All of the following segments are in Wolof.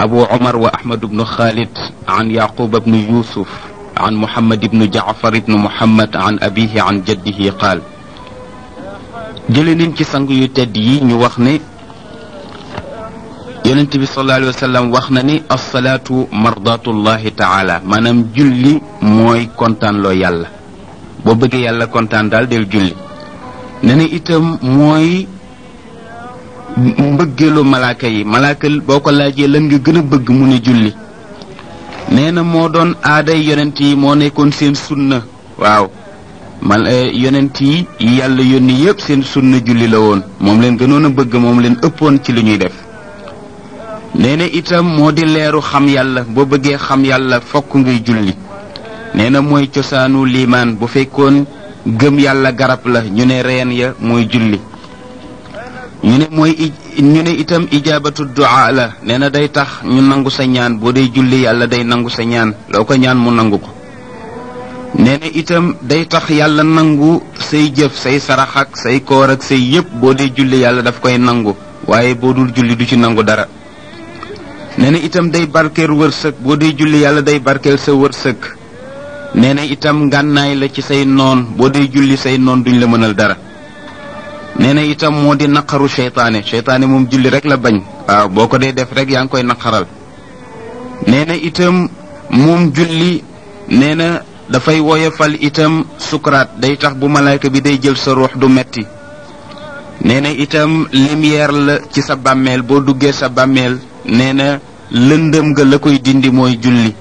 abu omar wa ahmad bnu xaalid an yaquba bnu yusuf an muhammad bnu jaafar bnu muhammad an abihi an jaddihi qaal jële nañ ci sang yu tedd yi ñu wax ne yonent bi sallallahu alayhi wa sallam wax na ni assalaatu mardatullahi taala maanaam julli mooy kontaanloo loo yàlla boo bëggee yàlla kontaan daal del julli ne itam mooy mbëggeelu malaaka yi malaaka boo ko laajee lan nga gën a bëgg mu ne julli nee na moo doon aaday yonent yi moo nekkoon seen sunna waaw man eh, yonent yi yàlla yónni yépp seen sunna julli la woon moom leen gënoon a bëgg moom leen ëppoon ci li ñuy def nee na itam moo di leeru xam yàlla boo bëggee xam yàlla fokk ngay julli nee na mooy cosaanu limaan bu fekkoon gëm yàlla garab la ñu ne reen ya mooy julli ñu ne mooy ñu ne itam ijaabatu duaa la nee na day tax ñu nangu sa ñaan boo dee julli yàlla day nangu sa ñaan loo ko ñaan mu nangu ko nee na itam day tax yàlla nangu say jëf say sarax say koor ak say boo dee julli yàlla daf koy nangu waaye boo dul julli du ci nangu dara nee na itam day barkeel wërsëg boo dee julli yàlla day barkeel sa wërsëg nee na itam ngànnaay la ci say noon boo dee julli say noon duñu la mënal dara nee na itam moo di naqaru seytaane seytaane moom julli rek la bañ waaw boo ko dee def rek yaa ngi koy naqaral nee na itam moom julli nee na dafay woyofal itam sukuraat day tax bu malaaka bi day jël sa ruux du metti nee na itam lumière la ci sa bàmmeel boo duggee sa bàmmeel nee na lëndëm nga la koy dindi mooy julli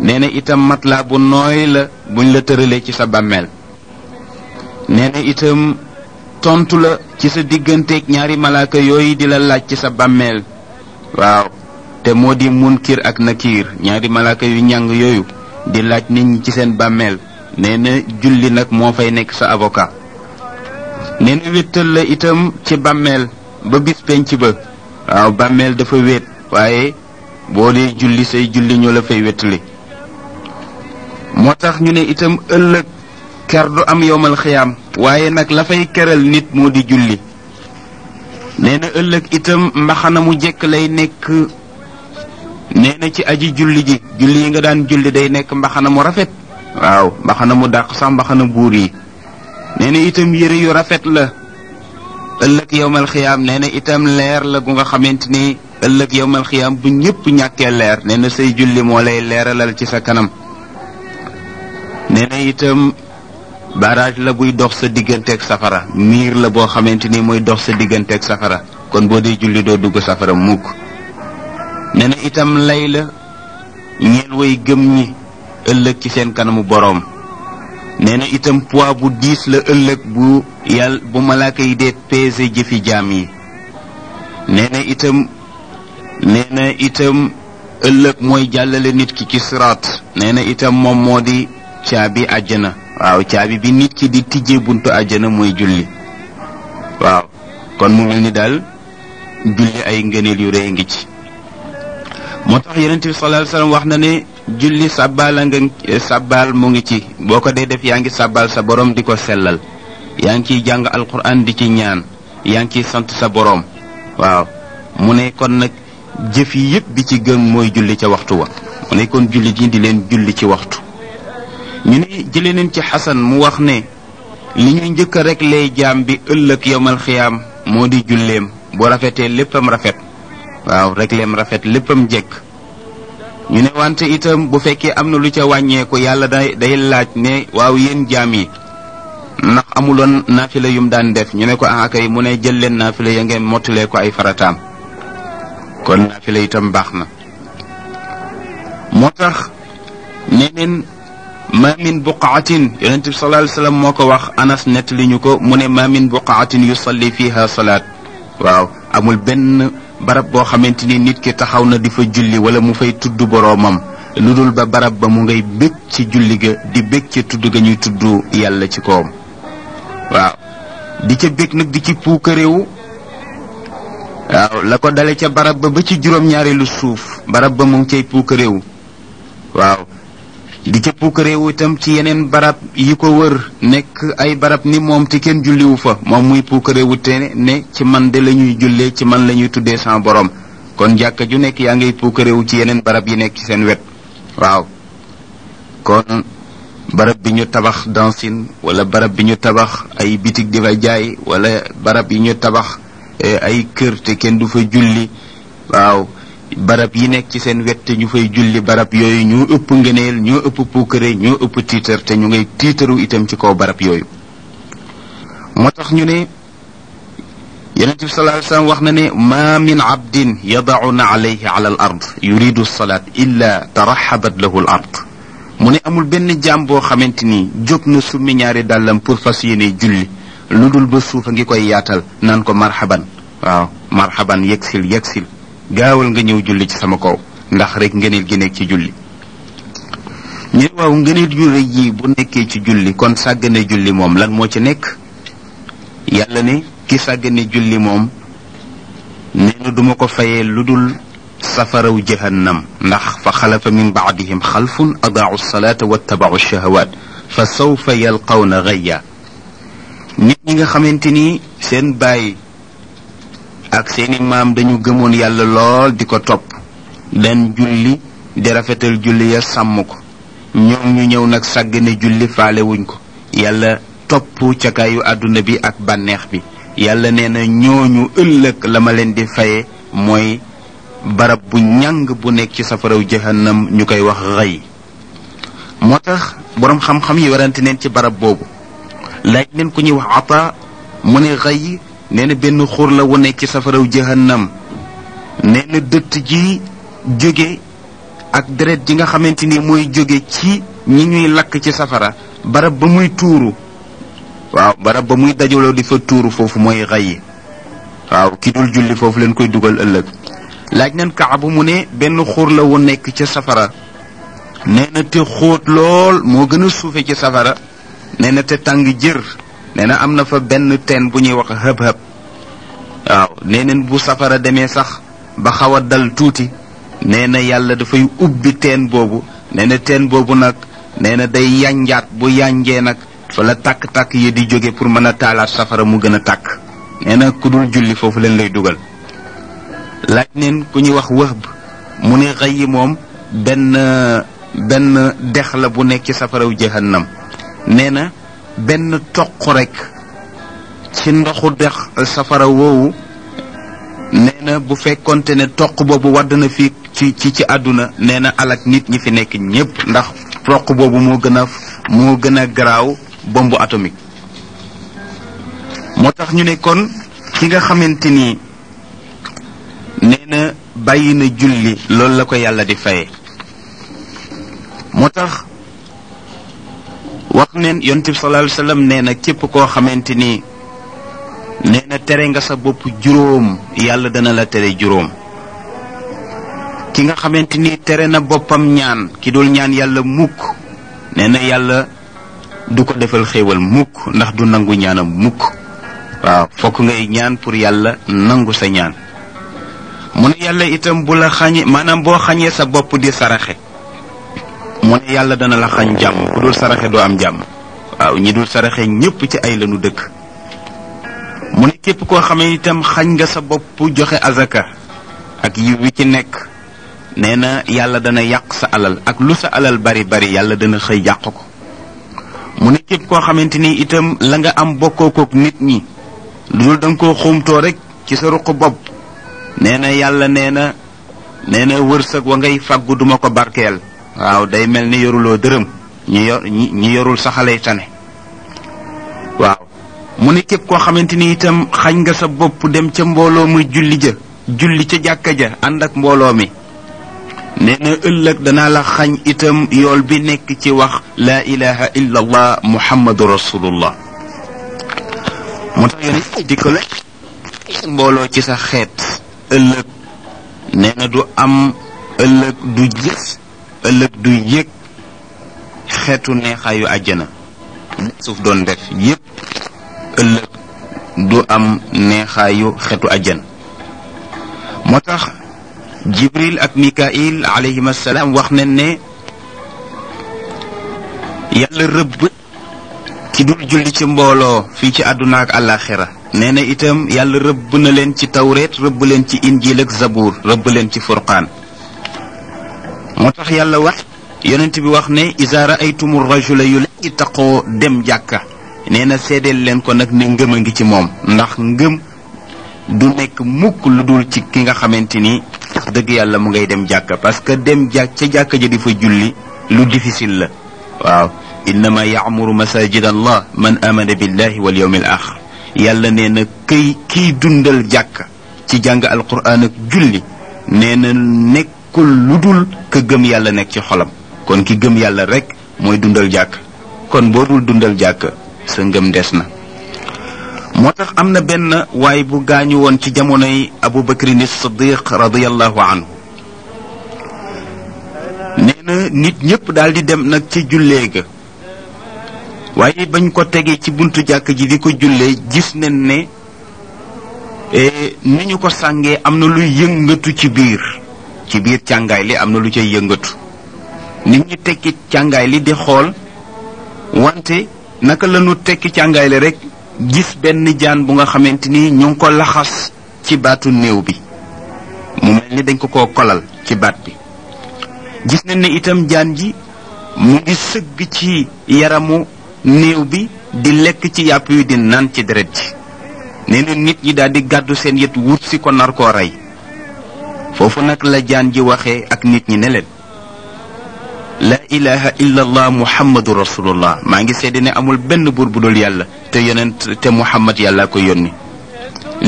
nee na itam matelas bu nooy la buñ la tëralee ci sa bàmmeel nee itam tontu la ci sa digganteeg ñaari malaaka yooyu di la laaj ci sa bàmmeel waaw te moo di kiir ak na kiir ñaari malaaka yu ñàng yooyu di laaj nit ñi ci seen bàmmeel nee julli nag moo fay nekk sa aboka nee na la itam ci bàmmeel ba bis ba waaw bàmmeel dafa wéet waaye boo dee julli say julli ñoo la fay wéttali moo tax ñu ne itam ëllëg ker du am yowmal xiyaam waaye nag la fay këral nit moo di julli nee na ëllëg itam mbaxana mu jekk lay nekk nee na ci aji julli ji julli yi nga daan julli day nekk mbaxana mu rafet waaw mbaxana mu dàq sax mbaxana buur yi nee itam yére yu rafet la ëllëg yowmal xiyaam nee na itam leer la gu nga xamante ni ëllëg yowmal xiyaam bu ñëpp ñàkkee leer nee say julli moo lay leeralal ci sa kanam nee itam barrage la buy dox sa digganteeg safara miir la boo xamante ni mooy dox sa digganteeg safara kon boo dee julli doo dugg safara mukk nee na itam lay la ñeel way gëm ñi ëllëg ci seen kanamu boroom nee na itam poids bu diis la ëllëg bu yàlla bu malaaka yi dee peese jëfi jaam yi nee itam nee itam ëllëg mooy jàllale nit ki ci siraat nee na itam moom moo di caabi na waaw caabi bi nit ki di tijjee buntu àjjana mooy julli waaw kon mu mel ni daal julli ay ngëneel yu rëy ngi ci moo tax yonent bi sallallahu alayhi wax na ne julli sàbbaal a nga sàbbaal mu ngi ci boo ko dee def yaa ngi sàbbaal sa borom di ko sellal yaa ngi ciy jàng alquran di ci ñaan yaa ngi ciy sant sa boroom waaw mu ne kon nag jëf yi yëpp bi ci gën mooy julli ca waxtu wa mu ne kon julli ji di leen julli ci waxtu ñu ne jëlee nañ ci xasan mu wax ne li ñuy njëkk rek lay jaam bi ëllëg yomal xiyaam moo di julleem bu rafetee léppam rafet waaw rek leem rafet léppam jekk ñu ne wante itam bu fekkee am na lu ca wàññeeku yàlla day day laaj ne waaw yéen jaam yi ndax amuloon naafila yum daan def ñu ne ko ah yi mu ne jël leen naafila ngeen mottalee ko ay farataam kon naafila baax na moo tax ne ma min buqaatin yonente bi sallallahu moo ko wax anas nettaliñu li ñu ko mu ne ma min buqaatin yusalli fiha salaat waaw amul benn barab boo xamante ni nit ki taxaw na di fa julli wala mu fay tudd boroomam lu dul ba barab ba mu ngay bég ci julli ga di bég ca tudd ga ñuy tudd yàlla ci koom waaw di ca bég nag di ci puukarewu waaw la ko dale ca barab ba ba ci juróom-ñaareelu suuf barab ba mu ngi cay puukarewu waaw di ca puukareewu itam ci yeneen barab yi ko wër nekk ay barab ni moom te kenn julliwu fa moom muy puukareewu te ne ci man de lañuy jullee ci man la ñuy tuddee sans borom kon jàkka ju nekk yaa ngiy puukareewu ci yeneen barab yi nekk ci seen wet waaw kon barab bi ñu tabax dancin wala barab bi ñu tabax ay bitig di fa jaay wala barab yi ñu tabax eh, ay kër te kenn du fa julli waaw barab yi nekk ci seen wet te ñu fay julli barab yooyu ñoo ëpp ngëneel ñoo ëpp puukare ñoo ëpp tiitar te ñu ngay tiitaru itam ci kaw barab yooyu moo tax ñu ne yonent bi sallallahu wax na ne ma min abdin yadauna alayhi ala al ard yuridu salaat illa taraxabat lahu ard mu ne amul benn jaam boo xamante ni jóg na summi ñaari dàllam pour fas ne julli lu dul ba suuf a ngi koy yaatal naan ko marxaban waaw marxaban yegsil yegsil gaawal nga ñëw julli ci sama kaw ndax rek ngëneel gi nekk ci julli ñu ne waaw ngëneel yu rëy yi bu nekkee ci julli kon sàggane julli moom lan moo ci nekk yàlla ne ki sàggane julli moom nee duma ko fayee lu dul safaraw jahannam ndax fa xalafa mu baadihim xalfun adaau salaata wattabau shahawaat fa sawfa yalqawna gayya nit ñi nga xamante ni seen bàyyi ak seeni maam dañu gëmoon yàlla lool di ko topp daan julli di rafetal julli ya sàmm ko ñoom ñu ñëw nag sàggane julli faale ko yàlla topp cakaayu àdduna bi ak bànneex bi yàlla nee na ñooñu ëllëg la ma leen di faye mooy barab bu ñàng bu nekk ci safaraw jahannam ñu koy wax rayi moo tax boroom xam-xam yi warante neen ci barab boobu laaj ku ñuy wax ata mu ne xëy nee benn xuur la wu nekk ci safaraw jahannam nee na dëtt ji jóge ak deret ji nga xamante ni mooy jóge ci ñi ñuy lakk ci safara barab ba muy tuuru waaw barab ba muy dajaloo di fa tuuru foofu mooy xay waaw kii dul julli foofu leen koy dugal ëllëg laaj nañ kaabu mu ne benn xuur la wu nekk ca safara nee na te xóot lool moo gën a suufe ci safara nee na te tàng jër nee na am na fa benn teen bu ñuy wax hëb-hëb waaw nee bu safara demee sax ba xaw a dal tuuti nee na yàlla dafay ubbi teen boobu nee teen boobu nag nee na day yànjaat bu yànjee nag fa la tàkk-tàkk yi di jóge pour mën a taalaat safara mu gën a tàkk nee na ku dul julli foofu leen lay dugal laaj neen ku ñuy wax wëhb mu ne xëy yi moom benn benn dex la bu nekk ci safara jahannam nee na benn toq rekk ci ndoxu dex safara woowu nee bu fekkonte ne toq boobu wadd na fii ci ci ci àdduna nee na alak nit ñi fi nekk ñépp ndax toq boobu moo gën a moo gën a garaaw bomb atomik moo tax ñu ne kon ki nga xamante ni nee bàyyi na julli loolu la ko yàlla di faye wax neen yonent bi sallallahu alayhi wa nee na képp koo xamante ni nee tere nga sa bopp juróom yàlla dana la tere juróom ki nga xamante ni tere na boppam ñaan ki dul ñaan yàlla mukk nee na yàlla du ko defal xéewal mukk ndax du nangu ñaanam mukk waaw fokk ngay ñaan pour yàlla nangu sa ñaan mu ne yàlla itam bu la xañee maanaam boo xañee sa bopp di saraxe mu ne yàlla dana la xañ jàmm ku dul saraxe doo am jàmm waaw ñi dul saraxe ñépp ci ay lanu dëkk mu ne képp koo xamee itam xañ nga sa bopp joxe azaka ak yiw wi ci nekk nee na yàlla dana yàq sa alal ak lu sa alal bari bari yàlla dana xëy yàq ko mu ne képp koo xamante ni itam la nga am bokkookook nit ñi lu dul danga koo xumtoo rek ci sa ruq bopp nee na yàlla nee na nee na wërsëg wa ngay fàggu duma ko barkeel waaw day mel ni yoruloo dërëm ñi yor ñi yorul saxalay waaw mu ne képp koo xamante ni itam xañ nga sa bopp dem ca mbooloo muy julli ja julli ca jàkka ja ànd ak mbooloo mi nee na ëllëg danaa la xañ itam yool bi nekk ci wax laa ilaha illa allah muhammadu rasulullah moo tax yoon di ko la mbooloo ci sa xeet ëllëg nee du am ëllëg du jëf ëllëg du yég xeetu neexaayu àjjana suuf doon def yépp ëllëg du am neexaayu xeetu àjjana moo tax jibril ak mikail alayhim wax ne ne yàlla rëbb ki dul julli ci mbooloo fii ci àdduna ak àllaaxira nee na itam yàlla rëbb na leen ci tawreet rëbb leen ci injil ak zabuur rëbb leen ci furqaan moo tax yàlla wax yonent bi wax ne iza raaytumu rajula yu la taqoo dem jàkka nee na seedeel leen ko nag ne ngëm a ngi ci moom ndax ngëm du nekk mukk lu dul ci ki nga xamante ni dëgg yàlla mu ngay dem jàkka parce que dem jàkk ca jàkka ja di fa julli lu difficile la waaw innama yaamuru masajid allah man amana billahi wal yawmi al yàlla nee na këy kiy dundal jàkka ci jàng alquran ak julli nee na nekkul lu dul ka gëm yàlla nekk ci xolam kon ki gëm yàlla rekk mooy dundal jàkk kon boo dundal jàkk sa ngëm des na moo tax am na benn waay bu gaañu woon ci jamonoy abu bakrin siddiq radiallahu anhu nee na nit ñépp daal di dem nag ci jullee ga waaye bañ ko tegee ci buntu jàkk ji di ko jullee gis nañ ne eh, ni ñu ko sàngee am na luy yëngatu ci biir ci biir càngaay li am na lu cay yëngatu nit ñi tekki càngaay li di xool wante naka la tekki càngaay li rek gis benn jaan bu nga xamante ni ñu ngi ko laxas ci baatu néew bi mu mel ni dañ ko ko kolal ci baat bi gis nañ ne itam jaan ji mu ngi sëgg ci yaramu néew bi di lekk ci yàpp yu di naan ci deret ji nee na nit ñi daal di gàddu seen yët wut si ko nar koo rey foofu nag la jaan ji waxe ak nit ñi ne leen la ilaha illallah muhammadu rasulullah maa ngi seede ne amul benn buur bu dul yàlla te yonent te muhammad yàllaa ko yónni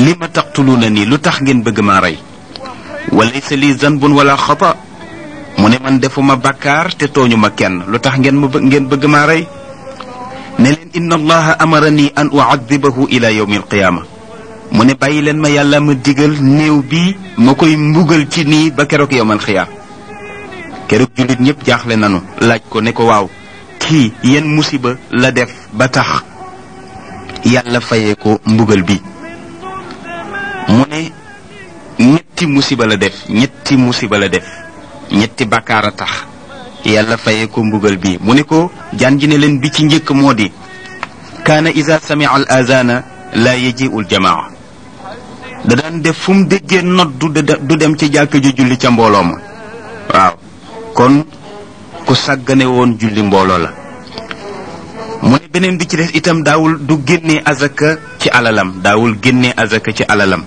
li ma taqtuluuna nii lu tax ngeen bëgg maa rey walaysa li zanbun wala xata mu ne man defuma bàkkaar te tooñu ma kenn lu tax ngeen ngeen bëgg maa rey ne leen inna allaha amarani an uadibahu ila yawmi alqiyaama mu ne bàyyi leen ma yàlla ma digal néew bi ma koy mbugal ci nii ba keroog yowmal xiyaam keroog jullit ñëpp jaaxle nanu laaj ko ne ko waaw kii yenn musiba la def ba tax yàlla fayee ko mbugal bi mu ne ñetti musiba la def ñetti musiba la def ñetti bàkkaar tax yàlla fayee ko mbugal bi mu ne ko jaan ji ne leen bi ci njëkk moo di kaana iza samia al azana la yajiul jamaa da daan def fu mu déggee nodd du dem ci jàkk ju julli ca mbooloo ma waaw kon ku sàggane woon julli mbooloo la mu ne beneen bi ci des itam daawul du génnee azaka ci alalam daawul génnee azaka ci alalam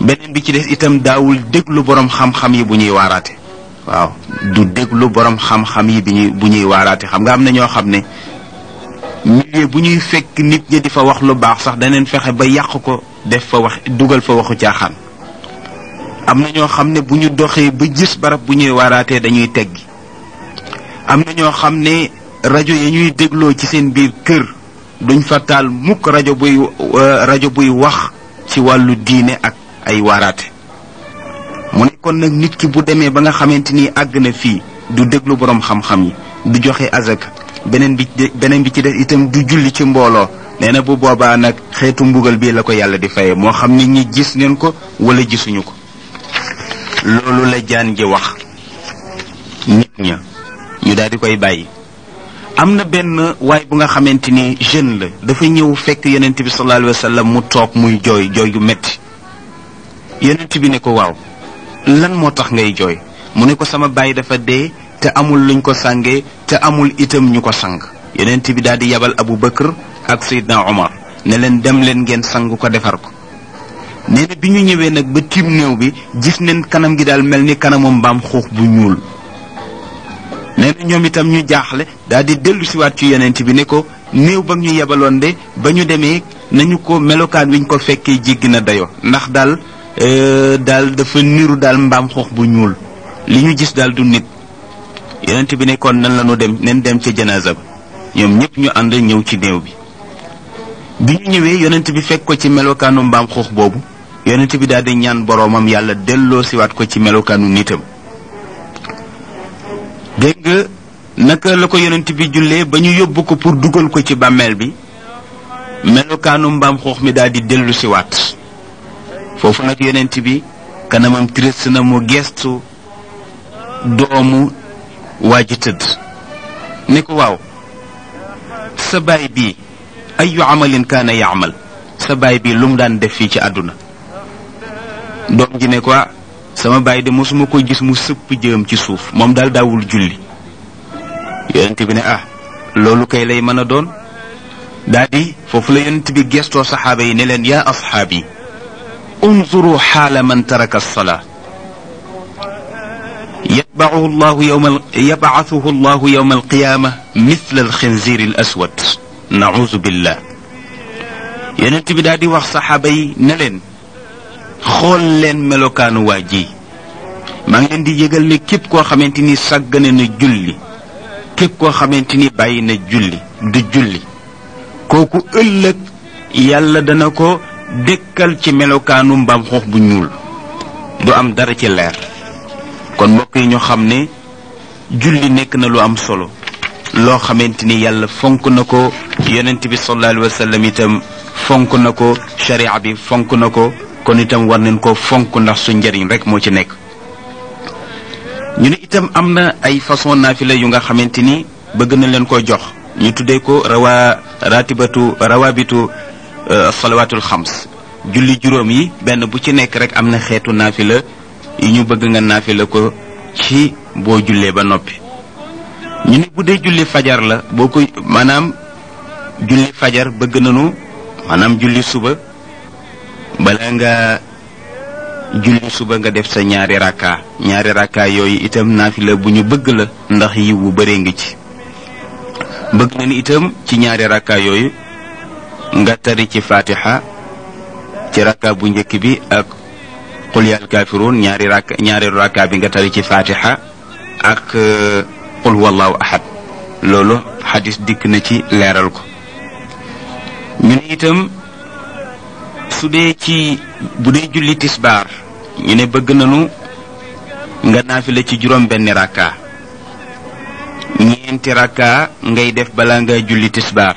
beneen bi ci des itam daawul déglu boroom xam-xam yi bu ñuy waaraate waaw du déglu boroom xam-xam yi bi bu ñuy waaraate xam nga am na ñoo xam ne milieu bu ñuy fekk nit ñi di fa wax lu baax sax daneen fexe ba yàq ko def fa wax dugal fa waxu caaxaan am na ñoo xam ne bu ñu doxee ba gis barab bu ñuy waaraatee dañuy teggi am na ñoo xam ne rajo ya ñuy dégloo ci seen biir kër duñ fa taal mukk rajo buy euh, rajo buy wax ci wàllu diine ak ay waraate mu ne kon nag nit ki bu demee ba nga xamante ni àgg na fii du déglu boroom xam-xam yi du joxe azaka beneen bi beneen bi ci des itam du julli ci mbooloo nee na bu boobaa nag xeetu mbugal bii la ko yàlla di faye moo xam ni ñi gis neen ko wala gisuñu ko loolu la jaan ji wax nit ña ñu daal di koy bàyyi am na benn waay bu nga xamante ni jeune la dafa ñëw fekk yonent bi sallallahu alayhi wa mu toog muy jooy jooy yu metti yonent bi ne ko waaw lan moo tax ngay jooy mu ne ko sama baay dafa dee te amul luñ ko sàngee te amul itam ñu ko sang yonent bi daal di yabal Abu Bakr ak Seydina Omar ne leen dem leen ngeen sangu ko defar ko nee na bi ñu ñëwee nag ba tiim néew bi gis neen kanam gi daal mel ni kanamu mbaam xuux bu ñuul nee na ñoom itam ñu jaaxle daal di dellu siwaat ci yonent bi ne ko néew ba ñu yebaloon de ba ñu demee nañu ko melokaan wiñ ko fekkee jéggi na dayoo ndax daal euh, daal dafa niru daal mbaam xuux bu ñuul li ñu gis daal du nit yonent bi ne kon nan la ñu dem nen dem ca janaasa ba ñoom ñëpp ñu ànd ñëw ci néew bi bi ñu ñëwee yonent bi fekk ko ci melokaanu mbaam xuux boobu yonent bi daal di ñaan boroomam yàlla delloo siwaat ko ci melokaanu nitam dégg naka la ko yonent bi jullee ba ñu yóbbu ko pour dugal ko ci bàmmeel bi melokaanu mbaam xuux mi daal di dellu waat foofu nag yonent bi kanamam triste na mu gestu doomu waa ji tëdd ne ko waaw sa baay bii ay amalin kaana yaamal sa baay bi lu mu daan def fii ci àdduna doom ji ne ko ah, sama baay de mosuma ko gis mu sëpp jëm ci suuf moom daal daawul julli yonent bi ne ah loolu kay lay mën a doon daa di foofu la yonent bi gestoo saxaaba yi ne leen yaa asxaab yi unzuru xaala man taraka alsalaa yabaahu llahu yawma yabcathuhu llahu yawma alqiyaama mithla alxinziiri al aswad nauzu billah yonent bi daal di wax saxaaba yi ne leen xool leen melokaanu waa ji maa ngi leen di yëgal ne képp koo xamante ni sàggane na julli képp koo xamante ni bàyyi na julli du julli kooku ëllëg yàlla dana ko dëkkal ci melokaanu mbaam xoox bu ñuul du am dara ci leer kon mbokk yi ñu xam ne julli nekk na lu am solo loo xamante yàlla fonk na ko yonent bi sallallahu alayhi wa sallam itam fonk na ko sharia bi fonk na ko kon itam war nañ ko fonk ndax su njëriñ rek moo ci nekk ñu ne itam am na ay façon naafila yu nga xamante ni bëgg na leen ko jox ñu tuddee ko rawa ratibatu rawabitu euh, salawaatul xams julli juróom yi benn bu ci nekk rek am na xeetu naafila yi ñu bëgg nga la ko ci boo jullee ba noppi ñu ne bu julli fajar la boo ko maanaam julli fajar bëgg nañu maanaam julli suba bala nga julli suba nga def sa ñaari rakka ñaari rakka yooyu itam naafila bu ñu bëgg la ndax yiw bu bëree ngi ci bëgg na ni itam ci ñaari rakka yooyu nga tari ci fatiha ci rakka bu njëkk bi ak qul yal ñaari rakka ñaari rakka bi nga tari ci fatiha ak qul wallahu loolu xadis dikk na ci leeral ko ñu ne itam su dee ci bu dee julli tisbaar ñu ne bëgg nañu nga naafila ci juróom benn rakka ñeenti rakka ngay def balaa nga julli tisbaar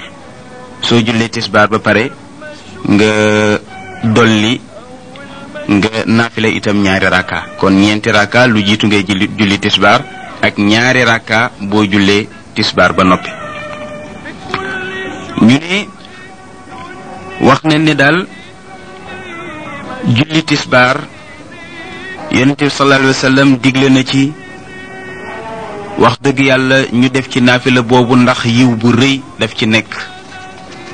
soo jullee tisbaar ba pare nga dolli nga naafila itam ñaari rakka kon ñeenti rakka lu jiitu ngay julli julli tisbaar ak ñaari rakka boo jullee tisbaar ba noppi wax ne ni daal julli tisbaar yonent bi digle na ci wax dëgg yàlla ñu def ci naafila boobu ndax yiw bu rëy daf ci nekk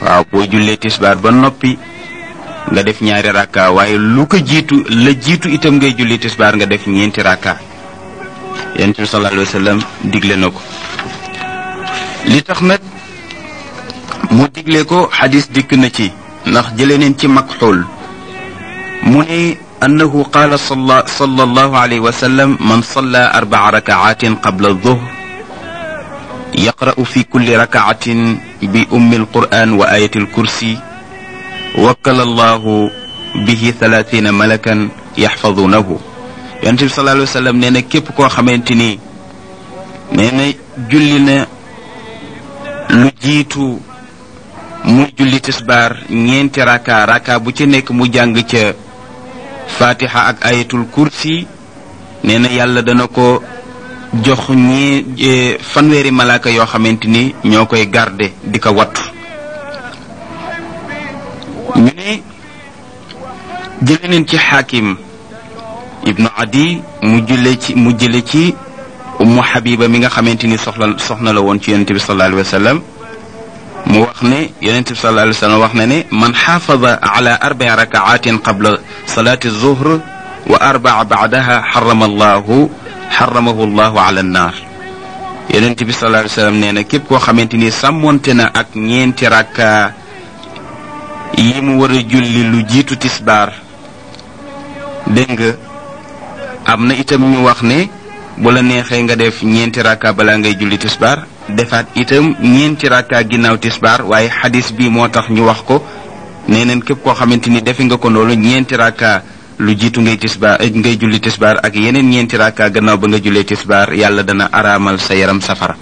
waaw boo jullee tisbaar ba noppi nga def ñaari rakka waaye lu ko jiitu la jiitu itam ngay julli tisbaar nga def ñeenti rakka yonent bi sallallahu alayhi wa digle na ko li tax nag mu digle ko xadis dikk na ci ndax jëlee neen ci Makxuul mu ne annahu qaala salla sallallahu alayhi wa sallam man salla arbaa rakaatin qabla duhr yaqra'u fi kulli rakaatin bi ummi alquran wa ayati alkursi wakkala allahu bihi thalathina malakan yaxfadunahu yonent bi sallallahu alayhi wa sallam nee na képp koo xamante ni nee na julli na lu jiitu muy julli tisbaar ñeenti raka raka bu ci nekk mu jàng ca fatiha ak ayatul kursi nee na yàlla dana ko jox ñi e, fanweeri malaaka yoo xamante ni ñoo koy garde di ko wattu ñu ne jële ci xaakim ibnu adi mu jële ci mu jële ci umu habiba mi nga xamante ni soxla soxna la woon ci yonente bi sallallahu alayhi mu wax ne yonent bi sallallahu wax na ne man xaafada ala arbai rakaatin qabla salaati zuhr wa arbaa baadaha xarama allahu xaramahu allahu ala annaar yonent bi na képp koo xamante ni sàmmoonte na ak ñeenti rakka yi mu war a julli lu jiitu tisbaar dégg nga am na itam ñu wax ne bu la neexee nga def ñeenti rakka balaa ngay julli tisbaar defaat itam ñeenti rakka ginnaaw tisbaar waaye xadis bi moo tax ñu wax ko nee neen képp koo xamante ni defi nga ko loolu ñeenti rakka lu jiitu ngay tisbaar eh, ngay julli tisbaar ak yeneen ñeenti rakka gannaaw ba nga jullee tisbaar yàlla dana araamal sa yaram safara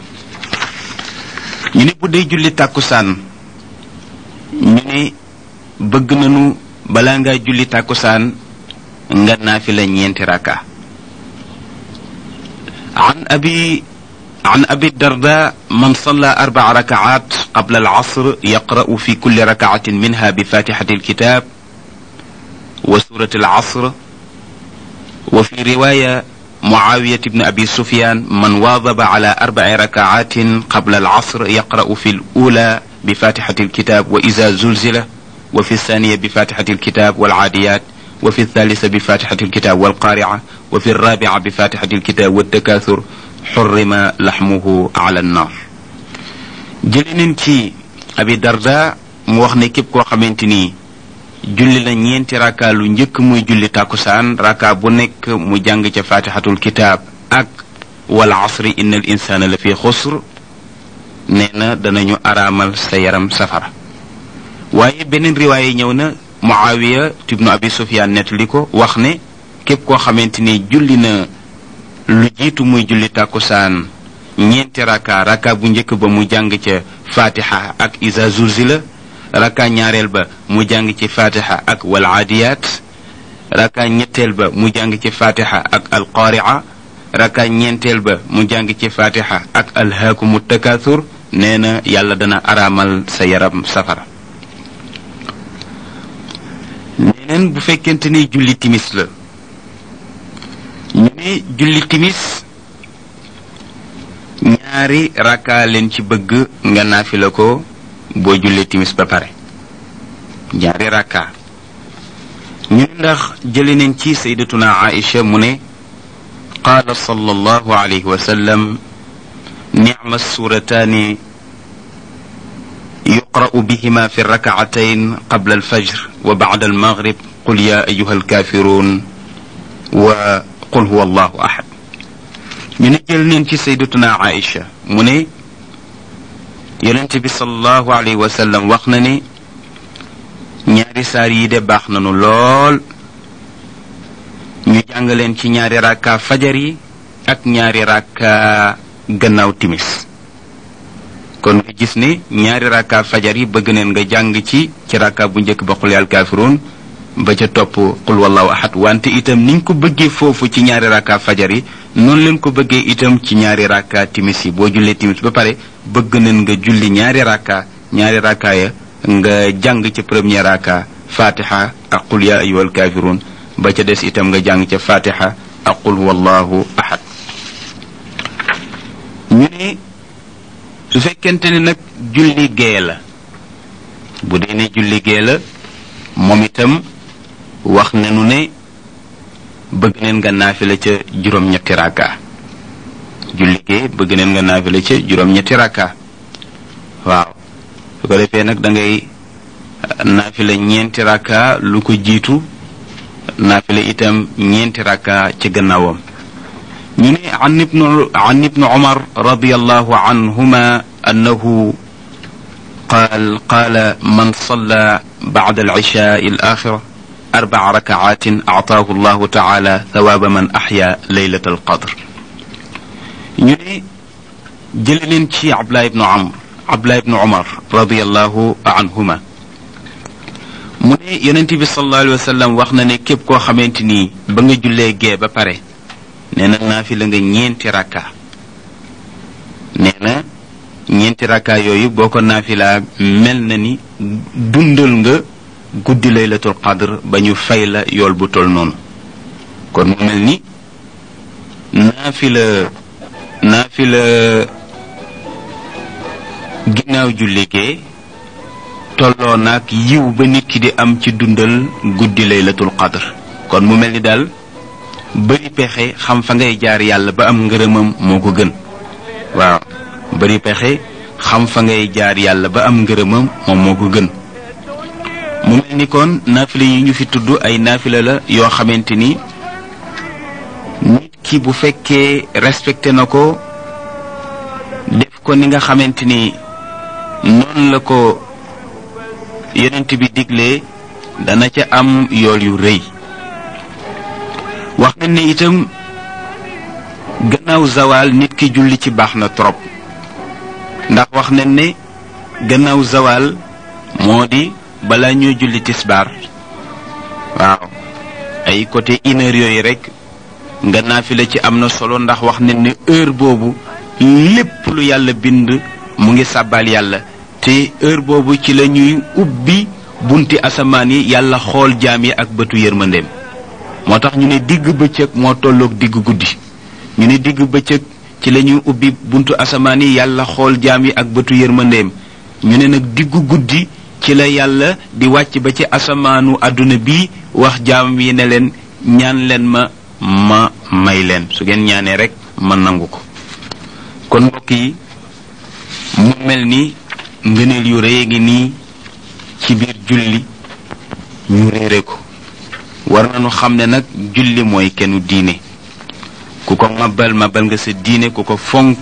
ñu ne bu dee julli tàkkusaan ñu ne bëgg nañu balaa ngaa julli tàkkusaan nga naafi la ñeenti rakka an abi an abi darda man salla arbaa rakaat qabla al asr yaqra'u fi kulli rakaatin minha bi fatixati alkitab wa surati al asr wa fi riwaya muawiyat ibn abi sufyan man waadaba ala arbai rakaatin qabla al asr yaqra'u fi al ula bi fatixati alkitab wa iza zulzila wa fi althaniya bi fatixati alkitab wal aadiyat wa fi althalisa bi fatixati alkitab wal qaari'a wa fi rabia bi fatihati lkitaab wa takaasur xurrima laxmuhu ala annar jële nañ ci abi mu wax ne képp koo xamante ni julli na ñeenti raka lu njëkk muy julli tàkkusaan raka bu nekk mu jàng ca fatihatul kitaab ak wal asri inna al insaana la fi xusr nee na danañu araamal sa yaram safara waaye beneen riwaaye ñëw na muawiya ibnu abi sufyaan nettali ko wax ne képp koo xamante ni julli na lu jiitu muy julli tàkkusaan ñeenti raka raka bu njëkk ba mu jàng ca fatiha ak isa zulzila raka ñaareel ba mu jàng ci fatiha ak wal aadiyaat raka ñetteel ba mu jàng ci fatiha ak al qaaria raka ñeenteel ba mu jàng ci fatiha ak alhaakumu takaathur nee na yàlla dana araamal sa yaram safara neneen bu fekkente ni julli timis la mu ne julli timis ñaari rakka leen ci bëgg nga naafila ko boo jullee timis ba pare ñaari rakka ñu ne ndax jëli nañ ci sayyidatuna Aïcha mu ne qaala sallallahu alayhi wa sallam nicma suurataani yuqra'u bihima fi rak'atayn qabla alfajr wa ba'da almaghrib qul yaa ayyuha alkaafiruun wa qul huwa allahu ahad ñu ne jël neen ci saydatuna aïcha mu ne yonent bi sallallahu alayhi wa sallam wax na ne ñaari saar yi de baax nanu lool ñu jàng leen ci ñaari rakka fajar yi ak ñaari rakka gannaaw timis kon nga gis ne ñaari rakka fajar yi bëgg neen nga jàng ci ci rakka bu njëkk ba qul yaa ba ca topp qul wallahu ahad wante itam niñ ko bëggee foofu ci ñaari rakka fajar yi noonu leen ko bëggee itam ci ñaari rakka timis yi boo jullee timis ba pare bëgg nañ nga julli ñaari rakka ñaari rakka ya nga jàng ca premier rakka fatiha ak qul ya ayyuhal kafirun ba ca des itam nga jàng ca fatiha ak qul wallahu ahad ñu ne su fekkente ne nag julli gee la bu dee ne julli gee la moom itam wax ne nu ne bëgg neen nga naafila ca juróom-ñetti rakka julli gee bëgg neen nga naafila ca juróom-ñetti rakka waaw ko defee nag dangay ngay naafila ñeenti rakka lu ko jiitu naafila itam ñeenti rakka ci gannaawam ñu ne an ibnu an ibnu umar radiallahu anhuma annahu qaal qaala man salla bacda al axira arbaa rakaatin ataahu llahu taala thawaaba man axya leylat al qadr ñu ne jële leen ci abdullah ibnu amr abdullah ibnu umar radiallahu anhuma mu ne yonent bi sallallahu alayhi wax na ne képp koo xamante nii ba nga jullee gee ba pare nee na naafila nga ñeenti rakka nee na ñeenti rakka yooyu boo ko naafilaa mel na ni dundal nga guddi laylatul qadr ba ñu fay la yool bu tol noonu kon mu mel ni ginnaaw julli gee tolloo yiw ba nit ki di am ci dundal guddi laylatul qadr kon mu mel ni daal bëri pexe xam fa ngay jaar yàlla ba am ngërëmam moo ko gën waaw bëri pexe xam fa ngay jaar yàlla ba am ngërëmam moom moo ko gën ni kon naafila yi ñu fi tudd ay naafila la yoo xamante ni nit bu fekkee respecté na ko def ko nga xamante ni noonu la ko yonent bi diglee dana ca am yool yu rëy wax nañ ne itam gannaaw zawaal nit ki julli ci baax na trop ndax wax nañ gannaaw zawaal moo di balaa ñoo julli tisbaar waaw ay côté une yooyu rek nga la ci am na solo ndax wax nañ ne heure boobu lépp lu yàlla bind mu ngi sàbbaal yàlla te heure boobu ci la ñuy ubbi bunti asamaan yi yàlla xool jaam yi ak bëtu yërmandeem moo tax ñu ne digg bëccëg moo tolloog digg guddi ñu ne digg bëccëg ci la ñuy ubbi buntu asamaan yi yàlla xool jaam yi ak bëtu yërmandeem ñu ne nag diggu guddi ci la yàlla di wàcc ba ci asamaanu àdduna bi wax jaam wi ne leen ñaan leen ma ma may leen su ngeen ñaanee rek ma nangu ko kon mbokk yi mu mel ni ngëneel yu rëy ngi nii ci biir julli ñu réere ko war nañu xam ne nag julli mooy kennu diine ku ko mabal mabal nga sa diine ku ko fonk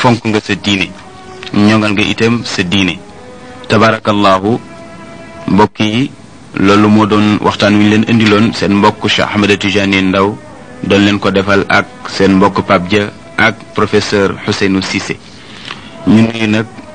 fonk nga sa diine ñongal nga itam sa diine tabaarakallaahu mbokk yi loolu moo doon waxtaan wi leen indiloon seen mbokk Cheikh Ahmed Tidiane Ndao doon leen ko defal ak seen mbokk Pape Dia ak professeur Ousseynou Cissé ñu nuyu nag